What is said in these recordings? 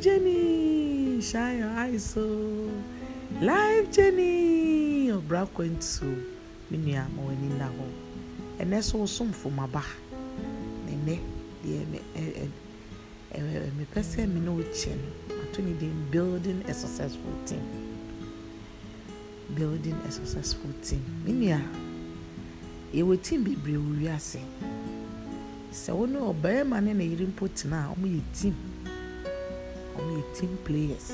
Jenny, shine your eyes o life Jenny. ɔbra kwantuo me nua ma w'ani nna hɔ ɛnɛ so wosomfo maba ba? ɛnɛ deɛ mepɛ sɛ me ne wokyɛ no mato ne den building a successful team building a successful team me nua yɛwɔ team bebree wɔ wiase sɛ wo ne ɔbarima ne ne yere mpo tena a ɔmo team wɔn yɛ team players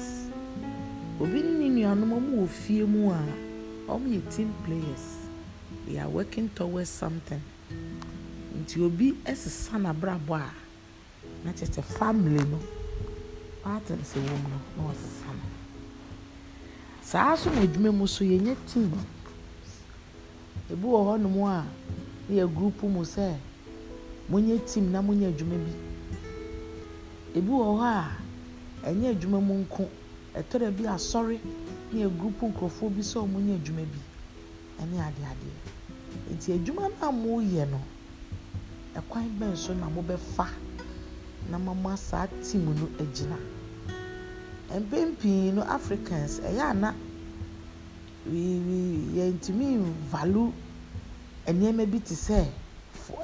obi ne ne nuanom wɔn wɔ fie mu a wɔn yɛ team players they are working towards something nti obi ɛsesa n'abrabɔ a na kyerɛ sɛ family no paatɛn sɛ wɔm no na wɔsesa no saa nso na adwuma mu so nye team ebi wɔ hɔnom a ne yɛ group mu sɛ nye team na monyɛ adwuma bi ebi wɔ hɔ a. ɛnyɛ adwuma mu nko ɛtɔ da bi asɔre ne egrupu nkurɔfoɔ bi sɛ ɔmo nyɛ adwuma bi ɛne ade adeɛ nti adwuma no a mo yɛ no ɛkwan bɛn so na mo bɛfa na mo ama saa team no agyina mpɛn pii no africans ɛyɛ ana we we yɛntumi value nneɛma bi te sɛ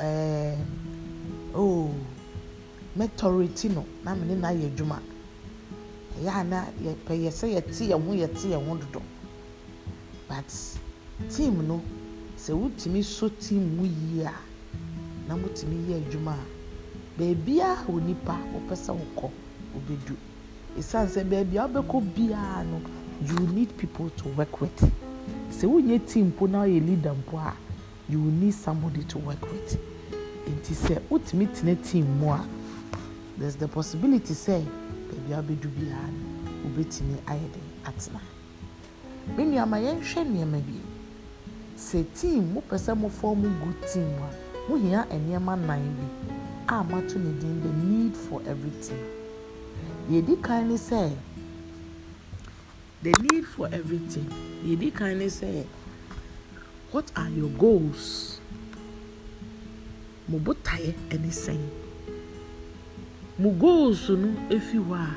ɛɛ oh mɛtɔrɛti no na mene na ayɛ adwuma ɛyɛ ana yɛpɛ yɛ sɛ yɛte yɛn ho yɛte yɛn ho dodo but team no sɛ wotumi so team mu yie a na motumi yɛ adwuma a beebi a onipa wopɛ sɛ wokɔ obedu esan sɛ beebi a wobɛkɔ biara no you need people to work with sɛ wonyɛ team po na ɔyɛ leader mpo a you need somebody to work with nti sɛ wotumi tena team mu a there is the possibility sɛ baabi abɛdu biara no wobɛtumi ayɛ den atena me nuama yɛnhwɛ nneɛma bi sɛ team mopɛ sɛ mofoɔ mu gu team a mohia nneɛma nan bi a mato ne din the need for everything. team yɛdi kan ne sɛ the need for everything yɛdi kan ne sɛ what are your goals mo botaeɛ ne sɛn mo goals no efi hɔ a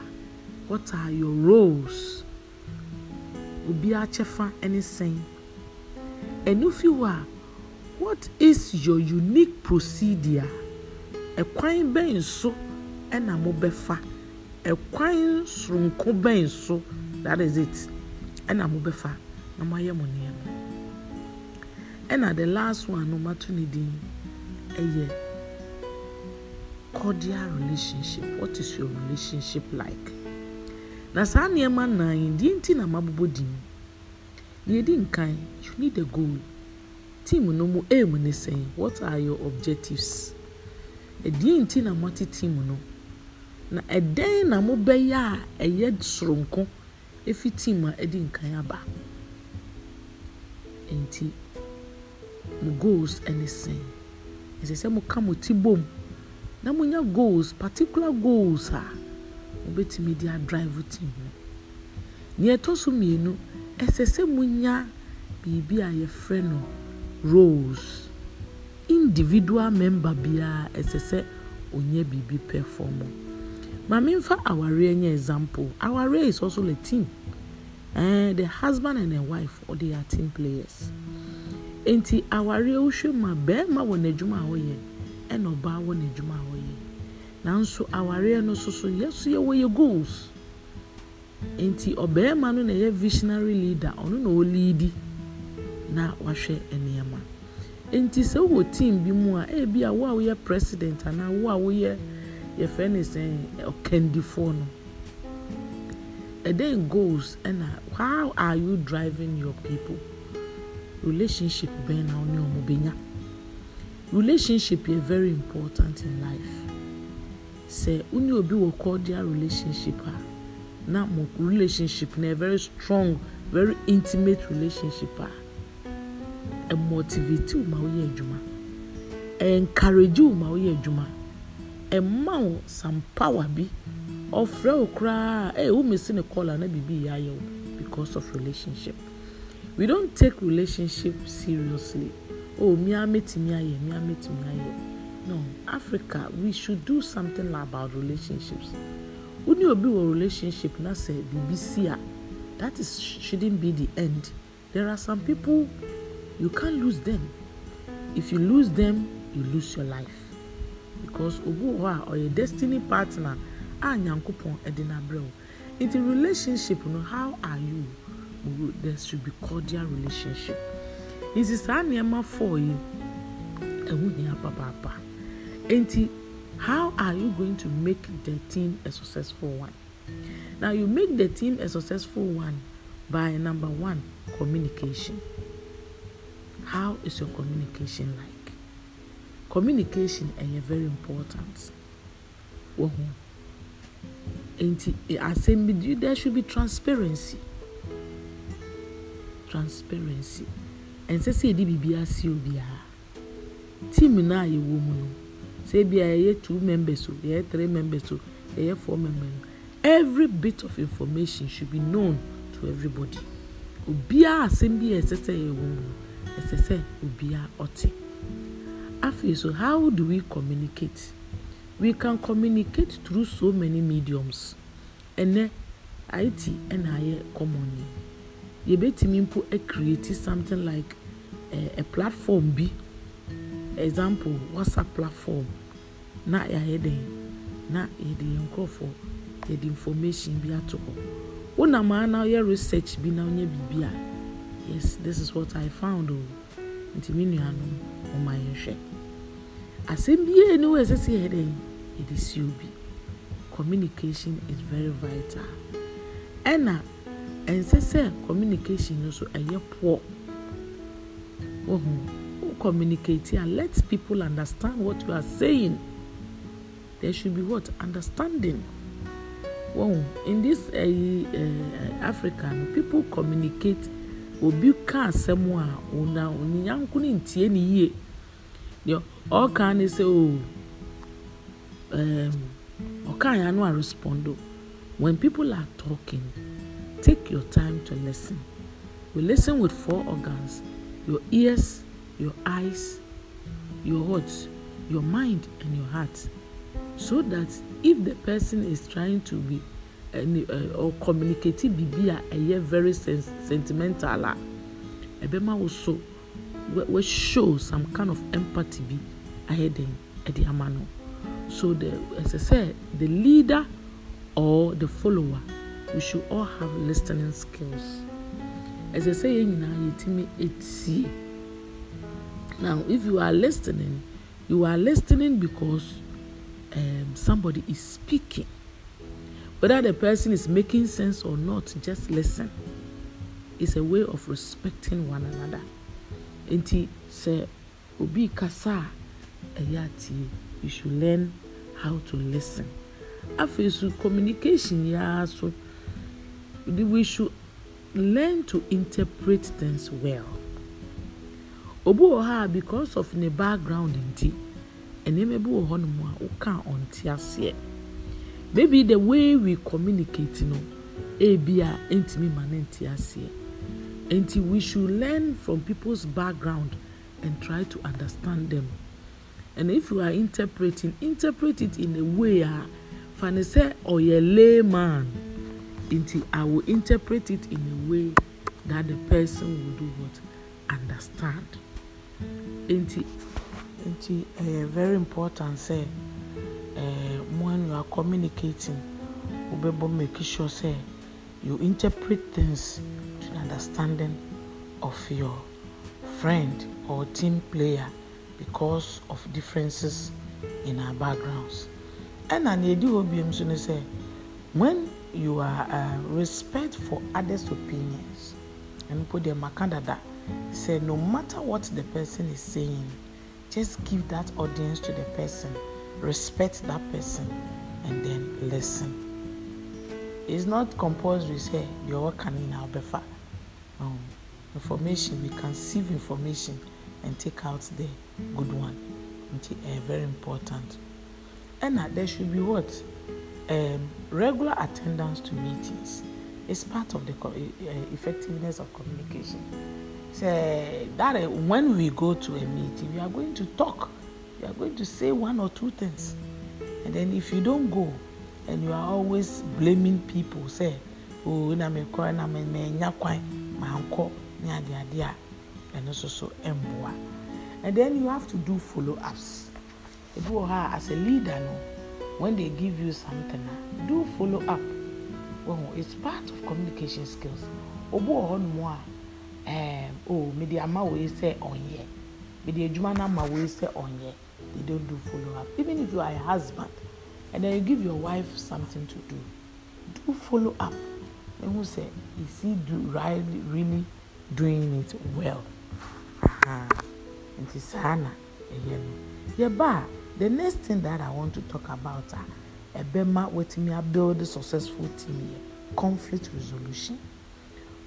what are your roles obi akyɛfa ne sɛn ɛnu fi hɔ a what is your unique procedure ɛkwan bɛn so ɛna mo bɛfa ɛkwan soronko bɛn so that is it ɛna mo bɛfa na mo ayɛ mo nneɛma ɛna the last one no ma to ne din ɛyɛ. E cordial relationship what is your relationship like na saa nneɛma nnan yi deɛ nti na mabobɔ din deɛ di nkan you need a goal team no mu aim ne sɛn what are your objectives ɛdeɛ nti na moate team no na ɛdɛn na mobɛyɛ a ɛyɛ soronko efi team a ɛdi nkan aba nti mo goals ɛne sɛn ɛsɛ sɛ mo ka mo ti bom. na monya goals particular goals a mobɛtumi de adrive team no nea ɛtɔ so mmienu ɛsɛ sɛ monya biribi a yɛfrɛ no roles individual member biara ɛsɛ sɛ ɔnyɛ biribi pɛ fam maame nfa awareɛ nyɛ example awareɛ is also a team ɛɛ uh, eh, the husband and the wife or they are team players nti awareɛ wohwɛ mu a bɛrima wɔ n'adwuma a ɔyɛ no ɛna ɔbaa wɔ n'adwuma a ɔyɛ nanso awareɛ no nso so yɛso yɛwɔ yɛ goals nti ɔbarima no na ɛyɛ visionary leader ɔno na ɔleadi na wahwɛ nneɛma nti sɛ wowɔ team bi mu a ebi a wo a woyɛ president anaa wo a woyɛ yɛfrɛ no sɛ ɔkandifoɔ no ɛdɛn goals ɛna how are you driving your people relationship bɛn na ɔne ɔmo bɛnya relationship is very important in life sɛ wo ne obi wɔ cordial relationship a na mo relationship na yɛ very strong very intimate relationship a ɛmotivate wo ma woyɛ adwuma ɛnkarage wo ma woyɛ adwuma ɛma wo some power bi ɔfrɛ wo koraa ɛyɛ wo mesi ne call a na yɛ ayɛ wo because of relationship we don't take relationship seriously oh, me I meet me I me I meet No, Africa, we should do something about relationships. When you be a relationship, na say BBC, ah, that is shouldn't be the end. There are some people you can't lose them. If you lose them, you lose your life. Because obu wa or your destiny partner, a nyankopon edinabrel. In the relationship, you know, how are you? There should be cordial relationship nti saa nneɛma four yi ɛho hia papaapa nti how are you going to make the team a successful one now you make the team a successful one by number one communication how is your communication like communication ɛyɛ eh, very important wɔ ho nti asɛm eh, bi there should be transparency transparency ɛnsɛ sɛ yɛde biribi asi obiara team no a yɛwɔ mu no sɛ bia yɛyɛ two members o yɛyɛ three members o yɛyɛ four members o every bit of information should be known to everybody obiara asɛm bi a ɛsɛ sɛ yɛwɔ mu no ɛsɛ sɛ obiara ɔte afei so how do we communicate we can communicate through so many mediums ɛnɛ it ɛna ayɛ common yɛ yɛbɛtumi mpo create something like uh, a platform bi example whatsapp platform na yɛayɛ dɛn na yɛde yɛn nkurɔfoɔ yɛde information bi ato hɔ wonam a na woyɛ research bi na wonyɛ biribi a yes this is what i found o oh. nti me nuanom ɔma yɛnhwɛ asɛm biaa ni wo ɛsɛ si yɛyɛ dɛn yɛde si obi communication is very vital ɛna ɛnsɛ sɛ communication no so ɛyɛ poor wohu wo communicate a let people understand what you are saying there should be what understanding wohu in this uh, uh, africa people communicate obi ka asɛm a ɔna ɔnyanko ne ntie ne yie deɛ ɔka ne sɛ o ɔka ya no a respondo when people are talking. Take your time to listen. We listen with four organs your ears, your eyes, your heart, your mind, and your heart. So that if the person is trying to be uh, or communicative bibi a ɛyɛ very sens sentimental a ah, bema also so we show some kind of empathy be ahead den ɛde ama no so the I said, the leader or the follower we should all have listening skills as ɛsɛ sɛ yɛn nyinaa yɛtumi etie now if you are listening you are listening because um, somebody is speaking whether the person is making sense or not just listen it's a way of respecting one another nti sɛ obi kasa a ɛyɛ you should learn how to listen afei so communication yaa so we should learn to interpret things well. Obu wɔ hɔ because of ne background nti, nneɛma bi wɔ hɔnom a woka ɔnte aseɛ. Maybe the way we communicate no, ebi a ntumi ma ne nte aseɛ. Nti we should learn from people's background and try to understand them. And if you are interpreting, interpret it in a way a, fa ne sɛ ɔyɛ layman nti i will interpret it in a way that the person will do what understand nti nti ɛyɛ uh, eh, very important say ɛɛ mo you are communicating wobɛbɔ make sure sɛ you interpret things to the understanding of your friend or team player because of differences in our backgrounds And I need hɔ biem so ne when you are uh, respect for others' opinions. And put them that say no matter what the person is saying, just give that audience to the person, respect that person, and then listen. It's not compulsory say you're working in our befa. Um, information we can sieve information and take out the good one, which is uh, very important. And uh, there should be what um, regular attendance to meetings is part of the co- uh, effectiveness of communication. So that uh, when we go to a meeting, we are going to talk, we are going to say one or two things, and then if you don't go, and you are always blaming people, say, oh, na me kwa na me me nyakwa, manko, nyadi adia, and also so emboa. And then you have to do follow ups. As a leader, no. when they give you something do follow up well it's part of communication skills obi wɔ hɔnom a ɛɛm eh, o oh, mede ama wei sɛ ɔnyɛ mede adwuma no ama wei sɛ ɔnyɛ they don't do follow up even if you are a husband and then you give your wife something to do do follow up ehu sɛ is he do really really doing it well nti saa na ɛyɛ no yɛ baa the next thing that i want to talk about are ɛbɛma build a successful team yɛ conflict resolution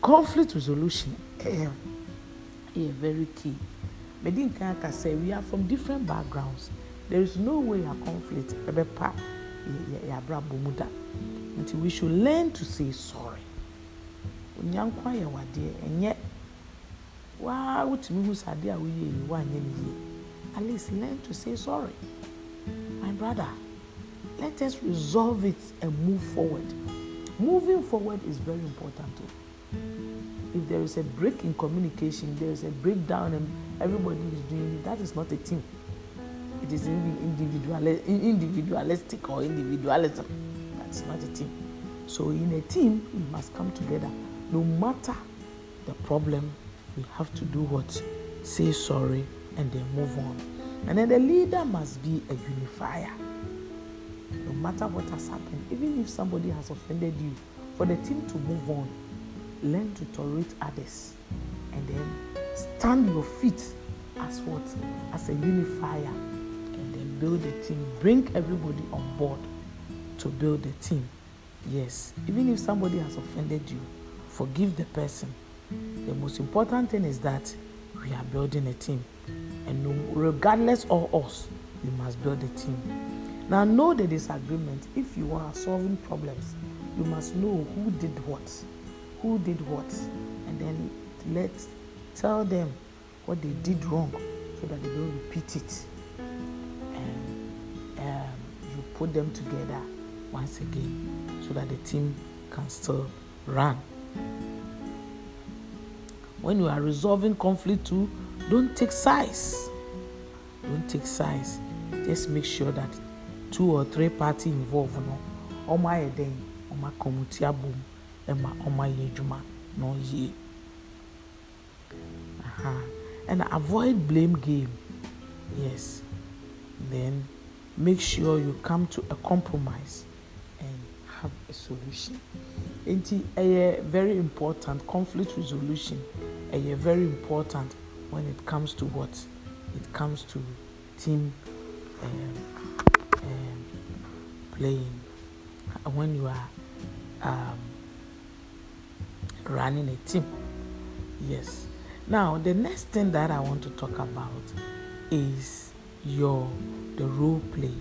conflict resolution ɛyɛ eh, ɛyɛ eh, very key mɛdi nkan aka say we are from different backgrounds there is no way a conflict ɛbɛpa yɛ yɛ abrabɔ mu da nti we should learn to say sorry onyankwa yɛ wadeɛ ɛnyɛ waa wotumi hu sɛ adeɛ a woyɛ yi waa nyɛ ne yie. at least learn to say sorry. My brother, let us resolve it and move forward. Moving forward is very important too. If there is a break in communication, there is a breakdown, and everybody is doing it, that is not a team. It is individual individualistic or individualism. That's not a team. So, in a team, we must come together. No matter the problem, we have to do what? Say sorry and then move on. And then the leader must be a unifier. No matter what has happened, even if somebody has offended you, for the team to move on, learn to tolerate others and then stand your feet as what? As a unifier and then build a team. Bring everybody on board to build a team. Yes, even if somebody has offended you, forgive the person. The most important thing is that we are building a team. And regardless of us, you must build a team. Now, know the disagreement. If you are solving problems, you must know who did what, who did what, and then let tell them what they did wrong so that they don't repeat it. And um, you put them together once again so that the team can still run when you are resolving conflict too don't take sides don't take sides just make sure that two or three parties involved no ọmọ ayẹ dẹn ọmọ abom ẹma ọmọ ayẹ adwuma na ọyẹ and avoid blame game yes then make sure you come to a compromise and have a solution nti ɛyɛ very important conflict resolution ɛyɛ very important when it comes to what it comes to team um, um, playing when you are um, running a team yes now the next thing that i want to talk about is your the role play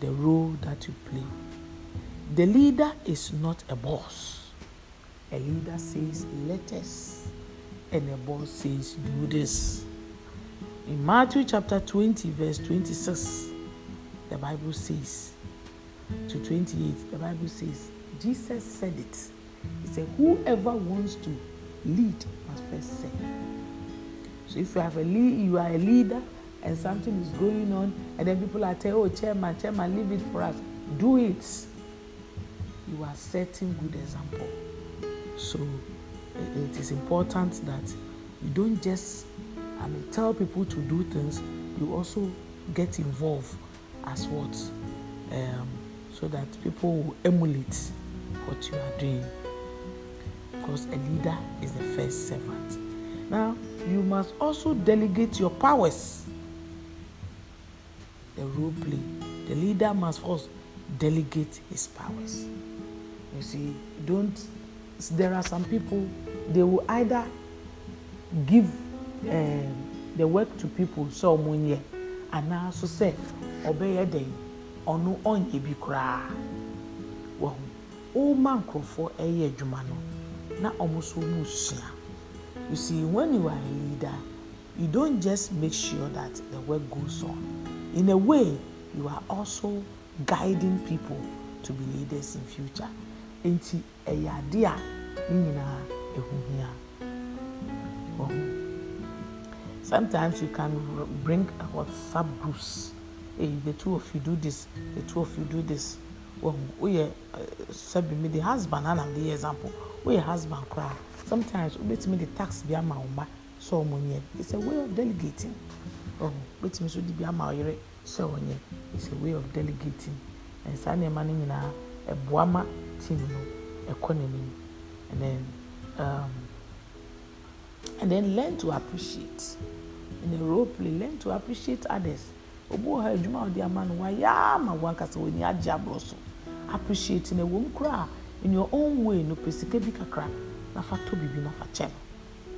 the role that you play the leader is not a boss. A leader says, let us, and a boss says, do this. In Matthew chapter 20, verse 26, the Bible says, to 28, the Bible says, Jesus said it. He said, Whoever wants to lead must first serve. So if you have a lead, you are a leader and something is going on, and then people are telling, Oh, chairman, chairman, leave it for us. Do it you are setting good example. So it is important that you don't just I mean, tell people to do things, you also get involved as what? Um, so that people will emulate what you are doing. Because a leader is the first servant. Now, you must also delegate your powers. The role play. The leader must first delegate his powers. You see, don't. There are some people, they will either give uh, the work to people, so munye, and now so say, obey a day, or no on ye be cry. Well, old man for a year, Jumano, na almost almost. You see, when you are a leader, you don't just make sure that the work goes on. In a way, you are also guiding people to be leaders in future nti ɛyɛ ade a ne nyinaa ɛho hia ɔho sometimes you can bring whatsapp groups hey the two of you do this the two of you do this ɔho woyɛ eh, sɛbi mi de husband anam de yɛ example woyɛ husband koraa sometimes wobɛtumi de tax bi ama wɔn ba sɛ wɔn nyɛ it's a way of delegating ɔho wobɛtumi so de bi ama ɔyere sɛ ɔnyɛ it's a way of delegating and saa nneɛma no nyinaa ɛboa ma team no ɛkɔ n'anim and then um, and then learn to appreciate in a role play learn to appreciate others obi wɔ ha adwuma a ɔde ama no wayɛ ama wankasa wɔn ani agye aborɔ so appreciate na ɛwɔ mu koraa in your own way no pɛ sika bi kakra na fa tɔ biribi na fa kyɛ no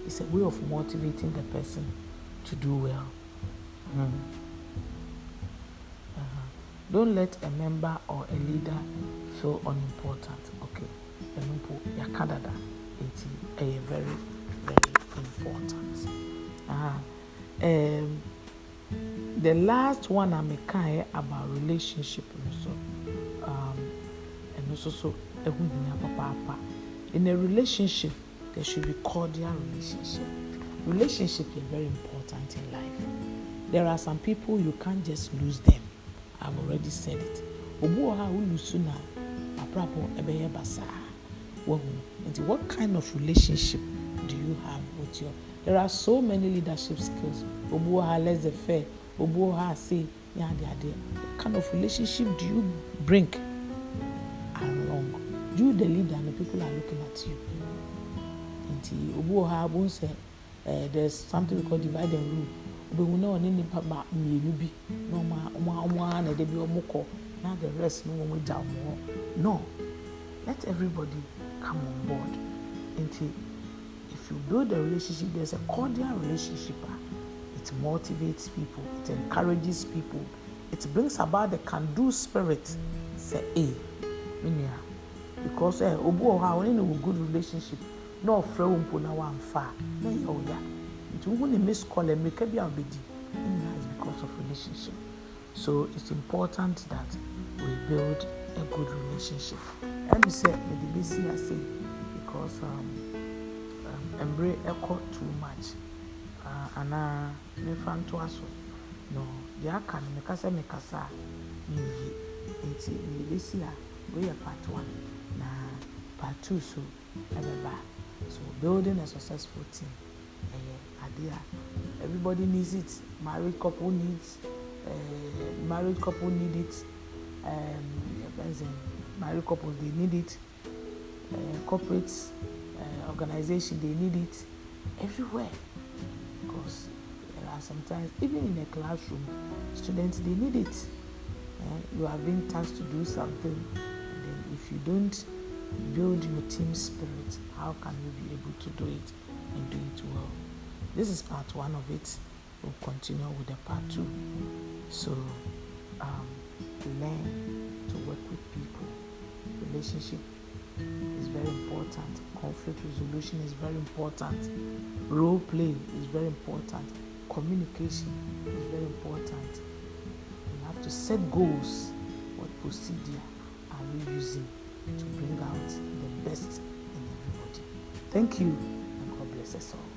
it's a way of motivating the person to do well. Mm. Don't let a member or a leader feel unimportant. Okay, ẹnupo yakadada It is a very very important. uh Um, the last one I'm kind about relationship Also, um and also so in a relationship there should be cordial relationship relationship is very important in life there are some people you can't just lose them I've already said it. Obu wɔ ha a wulu so na basaa. Wɔhu nti what kind of relationship do you have with your there are so many leadership skills. Obu wɔ ha laissez faire. Obu wɔ ha say yɛ adeade. What kind of relationship do you bring along? You the leader and the people are looking at you. Nti obu wɔ ha abu eh, there is something we call divide and rule bɛhu na ɔne nipa ba mmienu bi na ma, a ɔmo a ɔmo a na ɛde bi ɔmo the rest no wɔn gya wɔn hɔ no let everybody come on board nti if you build a relationship there is a cordial relationship ah it motivates people it encourages people it brings about the can do spirit Say ee me because ɛ obi wɔ hɔ a ɔne na wɔ good relationship na ɔfrɛ wɔn mpo na wɔn amfa na ɛyɛ ɔya. nti wohu ne miss call mmirika bi a wobɛdi nyinaa is because of relationship so it's important that we build a good relationship ɛne sɛ mede bɛsi ase because um, um, mmerɛ ɛkɔ too much uh, anaa uh, mefa ntoa so no deɛ aka no meka sɛ mekasa a menwie nti mede bɛsi a woyɛ part one na part two so ɛbɛba so building a successful team uh, eh, are there. Ah, everybody needs it. Married couple needs. Uh, married couple need it. Um, friends and married couples they need it. Uh, corporates, uh, organization they need it. Everywhere, because there are sometimes even in a classroom, students they need it. you have been tasked to do something, and then if you don't build your team spirit, how can you be able to do it? and do it well. This is part one of it. We'll continue with the part two. So, um, learn to work with people. Relationship is very important. Conflict resolution is very important. Role play is very important. Communication is very important. You have to set goals. What procedure are we using to bring out the best in everybody? Thank you. coisa só.